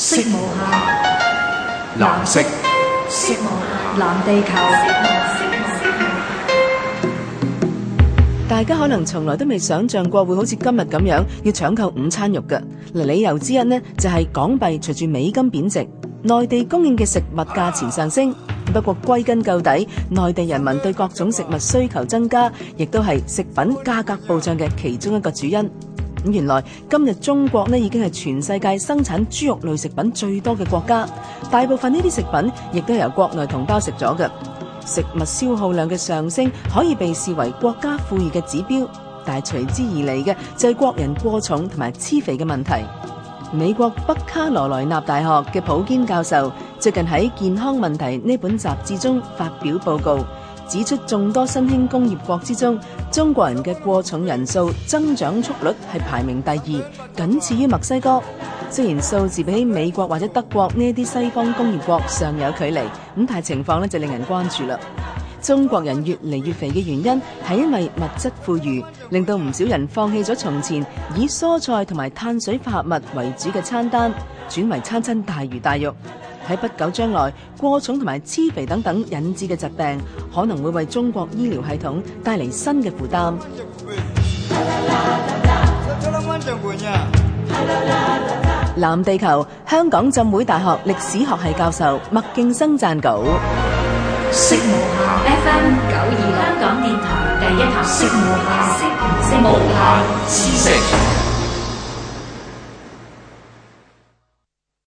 色無藍色，色無藍地球。大家可能從來都未想象過會好似今日咁樣要搶購午餐肉嘅。理由之一呢，就係、是、港幣隨住美金貶值，內地供應嘅食物價錢上升。不過歸根究底，內地人民對各種食物需求增加，亦都係食品價格暴漲嘅其中一個主因。原來今日中國呢已經係全世界生產豬肉類食品最多嘅國家，大部分呢啲食品亦都由國內同胞食咗嘅。食物消耗量嘅上升可以被視為國家富裕嘅指標，但係隨之而嚟嘅就係國人過重同埋黐肥嘅問題。美國北卡羅來納大學嘅普堅教授最近喺《健康問題》呢本雜誌中發表報告。指出眾多新興工業國之中，中國人嘅過重人數增長速率係排名第二，僅次於墨西哥。雖然數字比起美國或者德國呢啲西方工業國尚有距離，咁但係情況咧就令人關注啦。中國人越嚟越肥嘅原因係因為物質富裕，令到唔少人放棄咗從前以蔬菜同埋碳水化合物為主嘅餐單，轉為餐餐大魚大肉。喺不久將來，過重同埋黐肥等等引致嘅疾病，可能會為中國醫療系統帶嚟新嘅負擔。藍地球香港浸會大學歷史學系教授麥勁生撰稿。